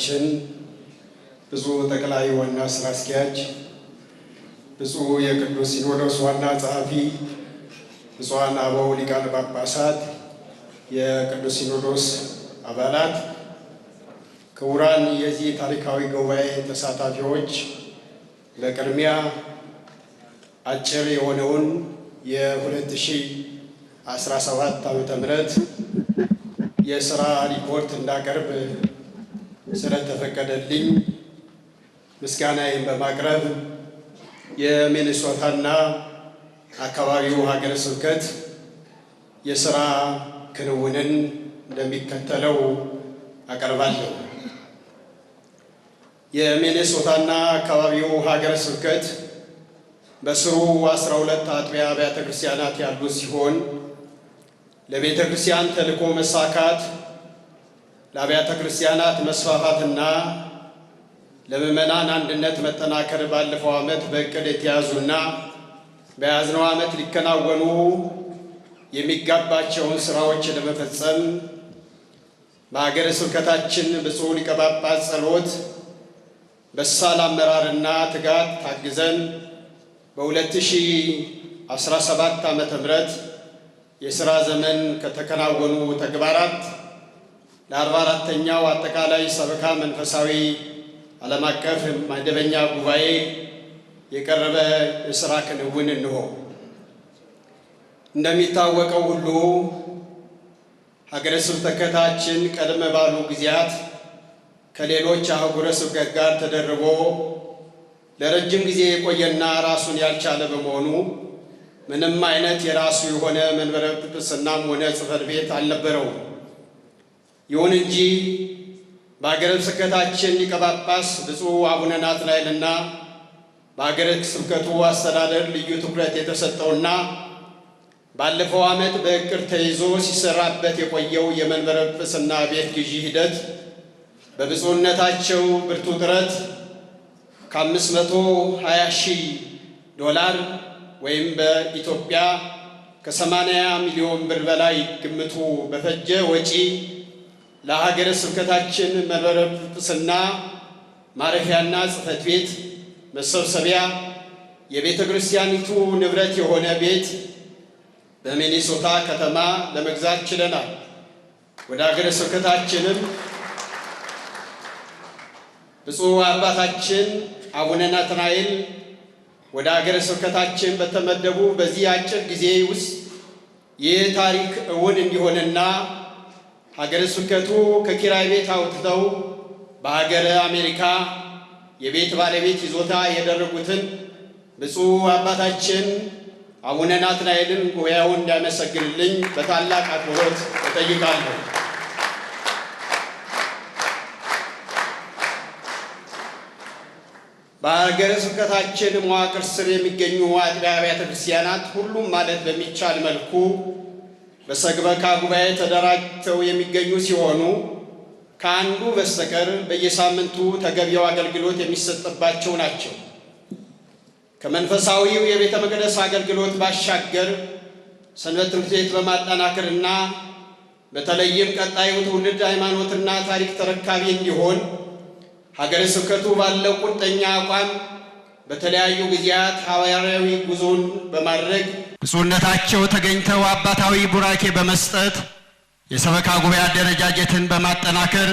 አባታችን ብፁዕ ጠቅላይ ዋና ስራ አስኪያጅ፣ ብፁዕ የቅዱስ ሲኖዶስ ዋና ጸሐፊ፣ ብፁዓን አበው ሊቃነ ጳጳሳት፣ የቅዱስ ሲኖዶስ አባላት፣ ክቡራን የዚህ ታሪካዊ ጉባኤ ተሳታፊዎች፣ በቅድሚያ አጭር የሆነውን የ2017 ዓ.ም የስራ ሪፖርት እንዳቀርብ ስለተፈቀደልኝ ምስጋናዬን በማቅረብ የሚኒሶታና አካባቢው ሀገረ ስብከት የስራ ክንውንን እንደሚከተለው አቀርባለሁ። የሚኒሶታና አካባቢው ሀገረ ስብከት በስሩ 12 አጥቢያ አብያተ ክርስቲያናት ያሉት ሲሆን ለቤተ ክርስቲያን ተልእኮ መሳካት ለአብያተ ክርስቲያናት መስፋፋትና ለምዕመናን አንድነት መጠናከር ባለፈው ዓመት በእቅድ የተያዙና በያዝነው ዓመት ሊከናወኑ የሚጋባቸውን ስራዎች ለመፈጸም በሀገረ ስብከታችን ብፁዕ ሊቀ ጳጳስ ጸሎት በሳል አመራርና ትጋት ታግዘን በ2017 ም የሥራ ዘመን ከተከናወኑ ተግባራት ለአርባ አራተኛው አጠቃላይ ሰበካ መንፈሳዊ ዓለም አቀፍ መደበኛ ጉባኤ የቀረበ የሥራ ክንውን እንሆ። እንደሚታወቀው ሁሉ ሀገረ ስብከታችን ቀደም ባሉ ጊዜያት ከሌሎች አህጉረ ስብከት ጋር ተደርቦ ለረጅም ጊዜ የቆየና ራሱን ያልቻለ በመሆኑ ምንም አይነት የራሱ የሆነ መንበረ ጵጵስናም ሆነ ጽሕፈት ቤት አልነበረውም። ይሁን እንጂ በአገረ ስብከታችን ሊቀ ጳጳስ ብፁዕ አቡነ ናትናኤልና በአገረ ስብከቱ አስተዳደር ልዩ ትኩረት የተሰጠውና ባለፈው ዓመት በእቅድ ተይዞ ሲሰራበት የቆየው የመንበረ ጵጵስና ቤት ግዢ ሂደት በብፁዕነታቸው ብርቱ ጥረት ከ520 ሺህ ዶላር ወይም በኢትዮጵያ ከ80 ሚሊዮን ብር በላይ ግምቱ በፈጀ ወጪ ለሀገረ ስብከታችን መንበረ ጵጵስና ማረፊያና ጽሕፈት ቤት መሰብሰቢያ የቤተ ክርስቲያኒቱ ንብረት የሆነ ቤት በሚኒሶታ ከተማ ለመግዛት ችለናል። ወደ ሀገረ ስብከታችንም ብፁዕ አባታችን አቡነ ናትናኤል ወደ ሀገረ ስብከታችን በተመደቡ በዚህ አጭር ጊዜ ውስጥ ይህ ታሪክ እውን እንዲሆንና ሀገረ ስብከቱ ከኪራይ ቤት አውጥተው በሀገረ አሜሪካ የቤት ባለቤት ይዞታ የደረጉትን ብፁዕ አባታችን አቡነ ናትናኤልን ጉባኤውን እንዲያመሰግንልኝ በታላቅ አክብሮት እጠይቃለሁ። በሀገረ ስብከታችን መዋቅር ስር የሚገኙ አጥቢያ አብያተ ክርስቲያናት ሁሉም ማለት በሚቻል መልኩ በሰበካ ጉባኤ ተደራጅተው የሚገኙ ሲሆኑ ከአንዱ በስተቀር በየሳምንቱ ተገቢው አገልግሎት የሚሰጥባቸው ናቸው። ከመንፈሳዊው የቤተ መቅደስ አገልግሎት ባሻገር ሰንበት ትምህርት ቤት በማጠናከርና በተለይም ቀጣዩ ትውልድ ሃይማኖትና ታሪክ ተረካቢ እንዲሆን ሀገረ ስብከቱ ባለው ቁርጠኛ አቋም በተለያዩ ጊዜያት ሐዋርያዊ ጉዞን በማድረግ ብፁዕነታቸው ተገኝተው አባታዊ ቡራኬ በመስጠት የሰበካ ጉባኤ አደረጃጀትን በማጠናከር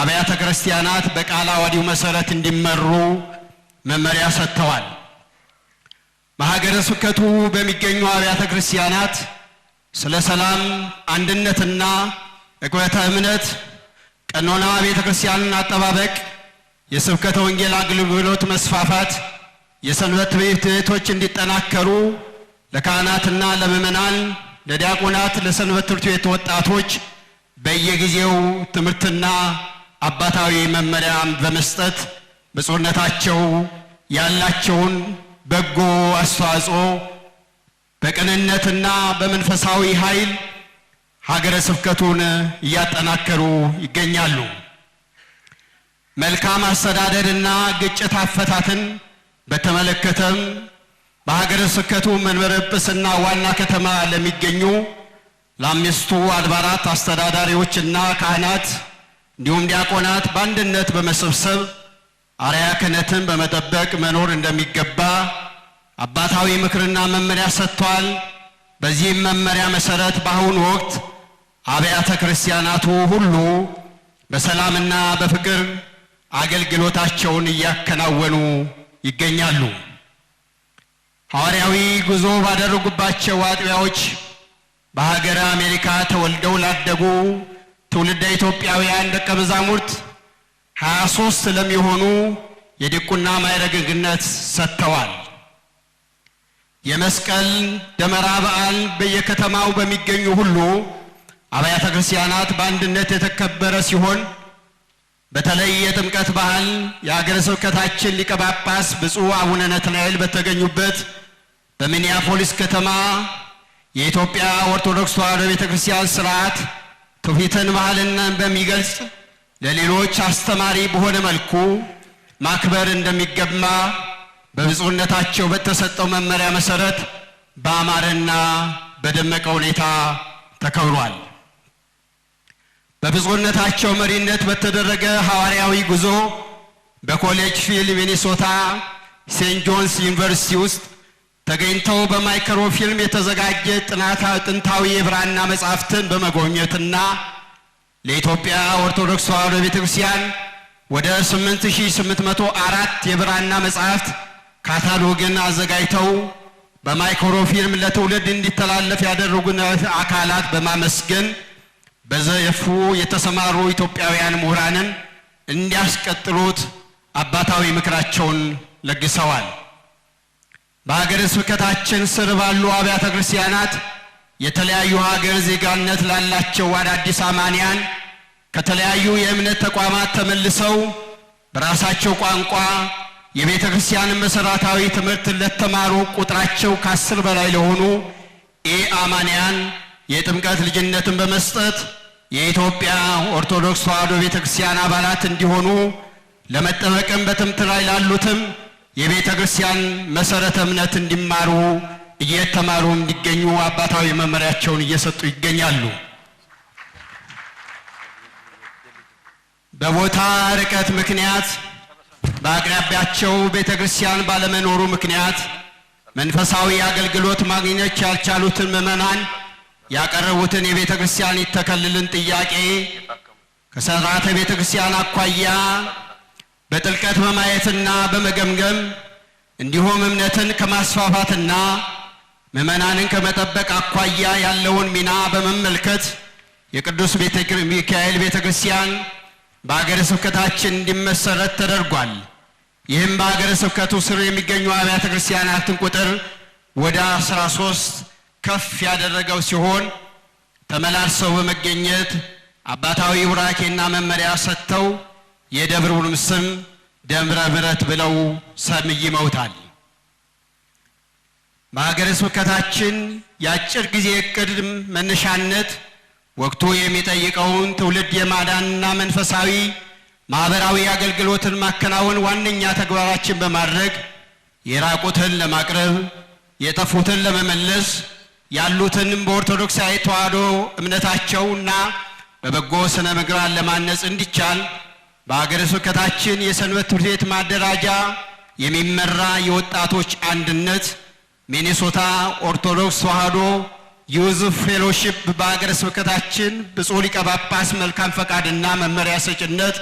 አብያተ ክርስቲያናት በቃለ ዓዋዲው መሠረት እንዲመሩ መመሪያ ሰጥተዋል። በሀገረ ስብከቱ በሚገኙ አብያተ ክርስቲያናት ስለ ሰላም፣ አንድነትና እቅበተ እምነት ቀኖና ቤተ ክርስቲያንን አጠባበቅ የስብከተ ወንጌል አገልግሎት መስፋፋት የሰንበት ትምህርት ቤቶች እንዲጠናከሩ ለካህናትና ለምእመናን፣ ለዲያቆናት፣ ለሰንበት ትምህርት ቤት ወጣቶች በየጊዜው ትምህርትና አባታዊ መመሪያ በመስጠት ብፁዕነታቸው ያላቸውን በጎ አስተዋጽኦ በቅንነትና በመንፈሳዊ ኃይል ሀገረ ስብከቱን እያጠናከሩ ይገኛሉ። መልካም አስተዳደርና ግጭት አፈታትን በተመለከተም በሀገረ ስብከቱ መንበረ ጵጵስና ዋና ከተማ ለሚገኙ ለአምስቱ አድባራት አስተዳዳሪዎችና ካህናት እንዲሁም ዲያቆናት በአንድነት በመሰብሰብ አርያ ክህነትን በመጠበቅ መኖር እንደሚገባ አባታዊ ምክርና መመሪያ ሰጥቷል። በዚህም መመሪያ መሰረት በአሁኑ ወቅት አብያተ ክርስቲያናቱ ሁሉ በሰላምና በፍቅር አገልግሎታቸውን እያከናወኑ ይገኛሉ። ሐዋርያዊ ጉዞ ባደረጉባቸው አጥቢያዎች በሀገረ አሜሪካ ተወልደው ላደጉ ትውልደ ኢትዮጵያውያን ደቀ መዛሙርት 23 ስለሚሆኑ የድቁና ማዕረግነት ሰጥተዋል። የመስቀል ደመራ በዓል በየከተማው በሚገኙ ሁሉ አብያተ ክርስቲያናት በአንድነት የተከበረ ሲሆን በተለይ የጥምቀት በዓል የአገረ ስብከታችን ሊቀ ጳጳስ ብፁዕ አቡነ ነትናኤል በተገኙበት በሚኒያፖሊስ ከተማ የኢትዮጵያ ኦርቶዶክስ ተዋሕዶ ቤተ ክርስቲያን ስርዓት ትውፊትን ባህልን በሚገልጽ ለሌሎች አስተማሪ በሆነ መልኩ ማክበር እንደሚገባ በብፁዕነታቸው በተሰጠው መመሪያ መሰረት በአማረና በደመቀ ሁኔታ ተከብሯል። በብፁዕነታቸው መሪነት በተደረገ ሐዋርያዊ ጉዞ በኮሌጅ ፊልድ ሚኒሶታ ሴንት ጆንስ ዩኒቨርሲቲ ውስጥ ተገኝተው በማይክሮፊልም የተዘጋጀ ጥንታዊ የብራና መጻሕፍትን በመጎብኘትና ለኢትዮጵያ ኦርቶዶክስ ተዋሕዶ ቤተ ክርስቲያን ወደ 8804 የብራና መጻሕፍት ካታሎግን አዘጋጅተው በማይክሮፊልም ለትውልድ እንዲተላለፍ ያደረጉ አካላት በማመስገን በዘይፉ የተሰማሩ ኢትዮጵያውያን ምሁራንን እንዲያስቀጥሉት አባታዊ ምክራቸውን ለግሰዋል። በሀገረ ስብከታችን ስር ባሉ አብያተ ክርስቲያናት የተለያዩ ሀገር ዜጋነት ላላቸው አዳዲስ አማንያን ከተለያዩ የእምነት ተቋማት ተመልሰው በራሳቸው ቋንቋ የቤተ ክርስቲያን መሠረታዊ ትምህርት ለተማሩ ቁጥራቸው ከአስር በላይ ለሆኑ ኤ አማንያን የጥምቀት ልጅነትን በመስጠት የኢትዮጵያ ኦርቶዶክስ ተዋሕዶ ቤተ ክርስቲያን አባላት እንዲሆኑ ለመጠመቅም በትምህርት ላይ ላሉትም የቤተ ክርስቲያን መሰረተ እምነት እንዲማሩ እየተማሩ እንዲገኙ አባታዊ መመሪያቸውን እየሰጡ ይገኛሉ። በቦታ ርቀት ምክንያት በአቅራቢያቸው ቤተ ክርስቲያን ባለመኖሩ ምክንያት መንፈሳዊ አገልግሎት ማግኘት ያልቻሉትን ምዕመናን ያቀረቡትን የቤተ ክርስቲያን ይተከልልን ጥያቄ ከሰራተ ቤተ ክርስቲያን አኳያ በጥልቀት በማየትና በመገምገም እንዲሁም እምነትን ከማስፋፋትና ምዕመናንን ከመጠበቅ አኳያ ያለውን ሚና በመመልከት የቅዱስ ሚካኤል ቤተ ክርስቲያን በአገረ ስብከታችን እንዲመሰረት ተደርጓል። ይህም በአገረ ስብከቱ ስር የሚገኙ አብያተ ክርስቲያናትን ቁጥር ወደ 13 ከፍ ያደረገው ሲሆን ተመላልሰው በመገኘት አባታዊ ቡራኬና መመሪያ ሰጥተው የደብሩንም ስም ደብረ ምሕረት ብለው ሰይመውታል። በሀገረ ስብከታችን የአጭር ጊዜ እቅድ መነሻነት ወቅቱ የሚጠይቀውን ትውልድ የማዳንና መንፈሳዊ ማህበራዊ አገልግሎትን ማከናወን ዋነኛ ተግባራችን በማድረግ የራቁትን ለማቅረብ የጠፉትን ለመመለስ ያሉትንም በኦርቶዶክሳዊ ተዋህዶ እምነታቸውና በበጎ ስነ ምግባር ለማነጽ እንዲቻል በሀገረ ስብከታችን የሰንበት ትምህርት ቤት ማደራጃ የሚመራ የወጣቶች አንድነት ሚኒሶታ ኦርቶዶክስ ተዋህዶ ዩዝ ፌሎሺፕ በሀገረ ስብከታችን ብፁዕ ሊቀ ጳጳስ መልካም ፈቃድና መመሪያ ሰጭነት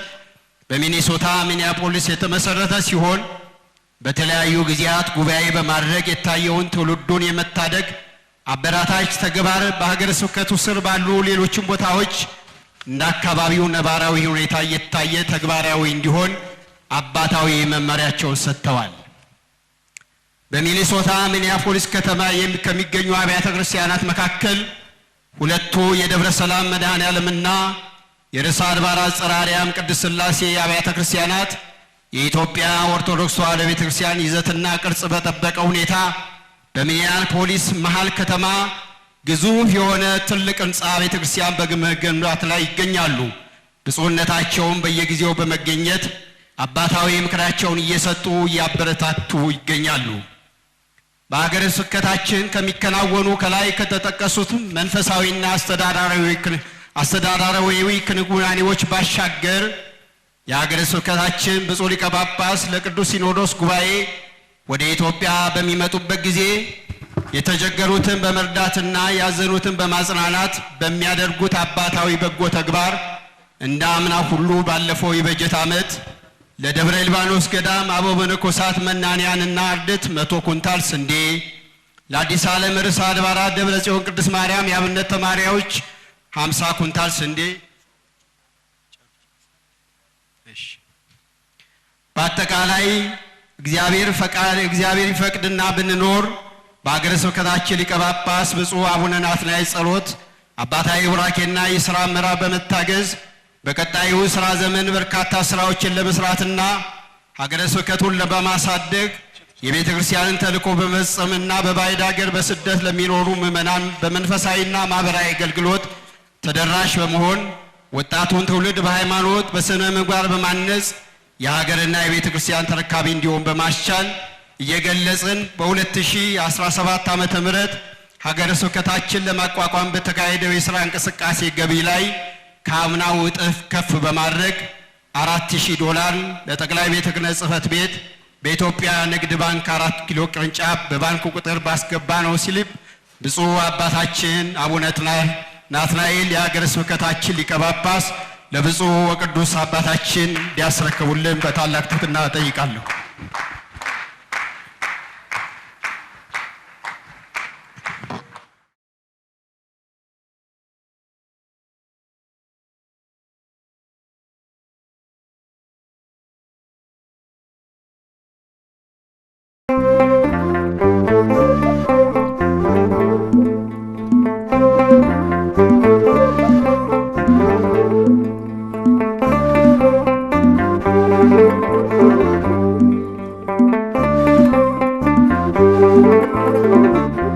በሚኒሶታ ሚኒያፖሊስ የተመሰረተ ሲሆን በተለያዩ ጊዜያት ጉባኤ በማድረግ የታየውን ትውልዱን የመታደግ አበራታች ተግባር በሀገረ ስብከቱ ስር ባሉ ሌሎችም ቦታዎች እንደ አካባቢው ነባራዊ ሁኔታ እየታየ ተግባራዊ እንዲሆን አባታዊ መመሪያቸውን ሰጥተዋል። በሚኔሶታ ሚኒያፖሊስ ከተማ ከሚገኙ አብያተ ክርስቲያናት መካከል ሁለቱ የደብረ ሰላም መድኃኔ ዓለምና የርዕሰ አድባራት ጽርሐ አርያም ቅድስት ሥላሴ አብያተ ክርስቲያናት የኢትዮጵያ ኦርቶዶክስ ተዋሕዶ ቤተ ክርስቲያን ይዘትና ቅርጽ በጠበቀ ሁኔታ በሚኒያፖሊስ መሀል ከተማ ግዙፍ የሆነ ትልቅ ህንፃ ቤተክርስቲያን በመገንባት ላይ ይገኛሉ። ብፁዕነታቸውም በየጊዜው በመገኘት አባታዊ ምክራቸውን እየሰጡ እያበረታቱ ይገኛሉ። በሀገረ ስብከታችን ከሚከናወኑ ከላይ ከተጠቀሱት መንፈሳዊና አስተዳዳራዊ ክንውናኔዎች ባሻገር የሀገረ ስብከታችን ብፁዕ ሊቀ ጳጳስ ለቅዱስ ሲኖዶስ ጉባኤ ወደ ኢትዮጵያ በሚመጡበት ጊዜ የተቸገሩትን በመርዳትና ያዘኑትን በማጽናናት በሚያደርጉት አባታዊ በጎ ተግባር እንደ አምና ሁሉ ባለፈው የበጀት ዓመት ለደብረ ሊባኖስ ገዳም አበው መነኮሳት መናንያንና አርድት መቶ ኩንታል ስንዴ፣ ለአዲስ ዓለም ርዕሰ አድባራት ደብረ ጽዮን ቅድስት ማርያም የአብነት ተማሪዎች 50 ኩንታል ስንዴ በአጠቃላይ እግዚአብሔር ፈቃድ እግዚአብሔር ይፈቅድና ብንኖር በሀገረ ስብከታችን ሊቀ ጳጳስ ብፁዕ አቡነ ናትናኤል ጸሎት አባታዊ ቡራኬና የሥራ አመራር በመታገዝ በቀጣዩ ሥራ ዘመን በርካታ ሥራዎችን ለመስራትና ሀገረ ስብከቱን በማሳደግ የቤተ ክርስቲያንን ተልእኮ በመፈጸምና በባዕድ ሀገር በስደት ለሚኖሩ ምዕመናን በመንፈሳዊና ማኅበራዊ አገልግሎት ተደራሽ በመሆን ወጣቱን ትውልድ በሃይማኖት በሥነ ምግባር በማነጽ የሀገርና የቤተ ክርስቲያን ተረካቢ እንዲሆን በማስቻል እየገለጽን በ2017 ዓ ም ሀገረ ስብከታችን ለማቋቋም በተካሄደው የሥራ እንቅስቃሴ ገቢ ላይ ከአምናው እጥፍ ከፍ በማድረግ 4000 ዶላር ለጠቅላይ ቤተ ክህነት ጽሕፈት ቤት በኢትዮጵያ ንግድ ባንክ አራት ኪሎ ቅርንጫፍ በባንክ ቁጥር ባስገባ ነው ሲልብ ብፁዕ አባታችን አቡነ ናትናኤል የሀገረ ስብከታችን ሊቀ ጳጳስ ለብፁዕ ወቅዱስ አባታችን ዲያስረከቡልን በታላቅ ትሕትና እጠይቃለሁ። Música